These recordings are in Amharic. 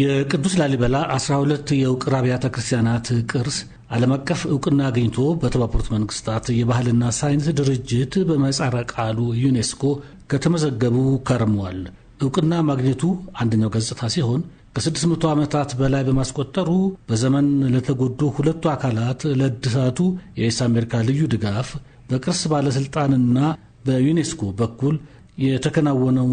የቅዱስ ላሊበላ 12 የውቅር አብያተ ክርስቲያናት ቅርስ ዓለም አቀፍ እውቅና አግኝቶ በተባበሩት መንግስታት የባህልና ሳይንስ ድርጅት በመጻረ ቃሉ ዩኔስኮ ከተመዘገቡ ከርሟል። እውቅና ማግኘቱ አንደኛው ገጽታ ሲሆን ከ600 ዓመታት በላይ በማስቆጠሩ በዘመን ለተጎዱ ሁለቱ አካላት ለእድሳቱ የኢስ አሜሪካ ልዩ ድጋፍ በቅርስ ባለሥልጣንና በዩኔስኮ በኩል የተከናወነው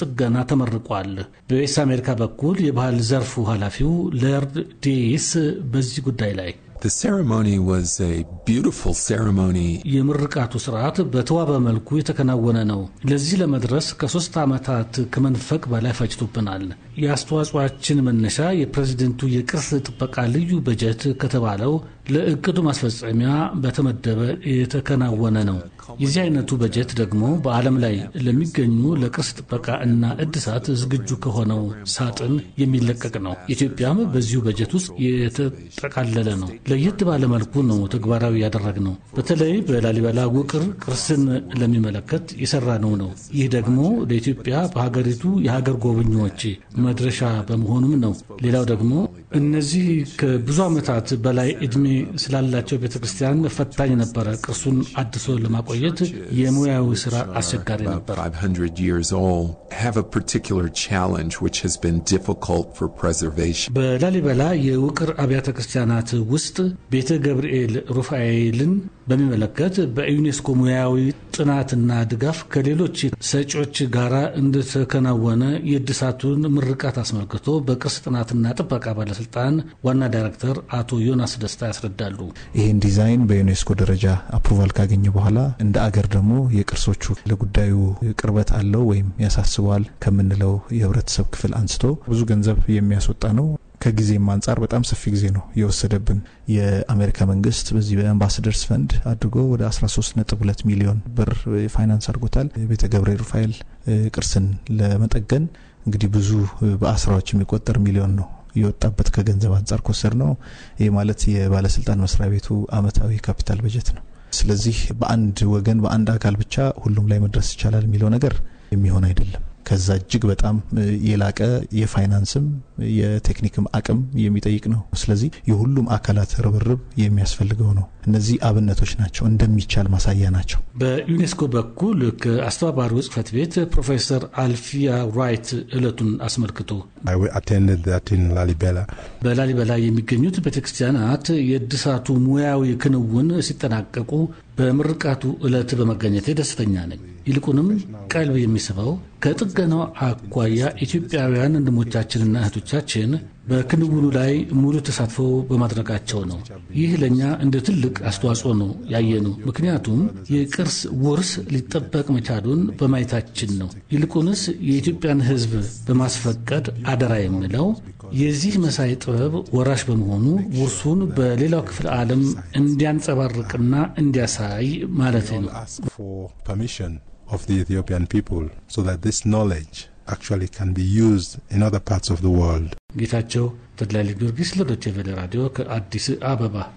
ጥገና ተመርቋል። በዌስት አሜሪካ በኩል የባህል ዘርፉ ኃላፊው ለርድ ዴይስ በዚህ ጉዳይ ላይ The ceremony was a beautiful ceremony. የምርቃቱ ስርዓት በተዋበ መልኩ የተከናወነ ነው። ለዚህ ለመድረስ ከሶስት ዓመታት ከመንፈቅ በላይ ፈጅቶብናል። የአስተዋጽኦአችን መነሻ የፕሬዝደንቱ የቅርስ ጥበቃ ልዩ በጀት ከተባለው ለእቅዱ ማስፈጸሚያ በተመደበ የተከናወነ ነው። የዚህ አይነቱ በጀት ደግሞ በዓለም ላይ ለሚገኙ ለቅርስ ጥበቃ እና እድሳት ዝግጁ ከሆነው ሳጥን የሚለቀቅ ነው። ኢትዮጵያም በዚሁ በጀት ውስጥ የተጠቃለለ ነው። ለየት ባለመልኩ ነው ተግባራዊ ያደረግነው። በተለይ በላሊበላ ውቅር ቅርስን ለሚመለከት የሰራነው ነው። ይህ ደግሞ ለኢትዮጵያ በሀገሪቱ የሀገር ጎብኚዎች መድረሻ በመሆኑም ነው። ሌላው ደግሞ እነዚህ ከብዙ ዓመታት በላይ ዕድሜ ስላላቸው ቤተ ክርስቲያን ፈታኝ ነበረ። ቅርሱን አድሶ ለማቆየት የሙያዊ ስራ አስቸጋሪ ነበር። በላሊበላ የውቅር አብያተ ክርስቲያናት ውስጥ ቤተ ገብርኤል ሩፋኤልን በሚመለከት በዩኔስኮ ሙያዊ ጥናትና ድጋፍ ከሌሎች ሰጪዎች ጋር እንደተከናወነ የእድሳቱን ምርቃት አስመልክቶ በቅርስ ጥናትና ጥበቃ ባለስልጣን ዋና ዳይሬክተር አቶ ዮናስ ደስታ ያስረዳሉ። ይህን ዲዛይን በዩኔስኮ ደረጃ አፕሩቫል ካገኘ በኋላ እንደ አገር ደግሞ የቅርሶቹ ለጉዳዩ ቅርበት አለው ወይም ያሳስበዋል ከምንለው የህብረተሰብ ክፍል አንስቶ ብዙ ገንዘብ የሚያስወጣ ነው። ከጊዜም አንጻር በጣም ሰፊ ጊዜ ነው የወሰደብን። የአሜሪካ መንግስት በዚህ በአምባሳደርስ ፈንድ አድርጎ ወደ 13.2 ሚሊዮን ብር ፋይናንስ አድርጎታል። ቤተ ገብረ ሩፋኤል ቅርስን ለመጠገን እንግዲህ ብዙ በአስራዎች የሚቆጠር ሚሊዮን ነው የወጣበት ከገንዘብ አንጻር ኮሰር ነው። ይህ ማለት የባለስልጣን መስሪያ ቤቱ አመታዊ ካፒታል በጀት ነው። ስለዚህ በአንድ ወገን በአንድ አካል ብቻ ሁሉም ላይ መድረስ ይቻላል የሚለው ነገር የሚሆን አይደለም። ከዛ እጅግ በጣም የላቀ የፋይናንስም የቴክኒክም አቅም የሚጠይቅ ነው። ስለዚህ የሁሉም አካላት ርብርብ የሚያስፈልገው ነው። እነዚህ አብነቶች ናቸው፣ እንደሚቻል ማሳያ ናቸው። በዩኔስኮ በኩል ከአስተባባሪው ጽህፈት ቤት ፕሮፌሰር አልፊያ ራይት እለቱን አስመልክቶ በላሊበላ የሚገኙት ቤተክርስቲያናት የእድሳቱ ሙያዊ ክንውን ሲጠናቀቁ በምርቃቱ እለት በመገኘት ደስተኛ ነኝ። ይልቁንም ቀልብ የሚስበው ከጥገናው አኳያ ኢትዮጵያውያን ወንድሞቻችንና እህቶቻችን በክንውኑ ላይ ሙሉ ተሳትፎ በማድረጋቸው ነው። ይህ ለእኛ እንደ ትልቅ አስተዋጽኦ ነው ያየኑ ምክንያቱም የቅርስ ውርስ ሊጠበቅ መቻሉን በማየታችን ነው። ይልቁንስ የኢትዮጵያን ሕዝብ በማስፈቀድ አደራ የምለው የዚህ መሳይ ጥበብ ወራሽ በመሆኑ ውርሱን በሌላው ክፍለ ዓለም እንዲያንጸባርቅና እንዲያሳይ ማለት ነው። of the Ethiopian people so that this knowledge actually can be used in other parts of the world. ጌታቸው ተድላ ለዶቼ ቬለ ራዲዮ ከአዲስ አበባ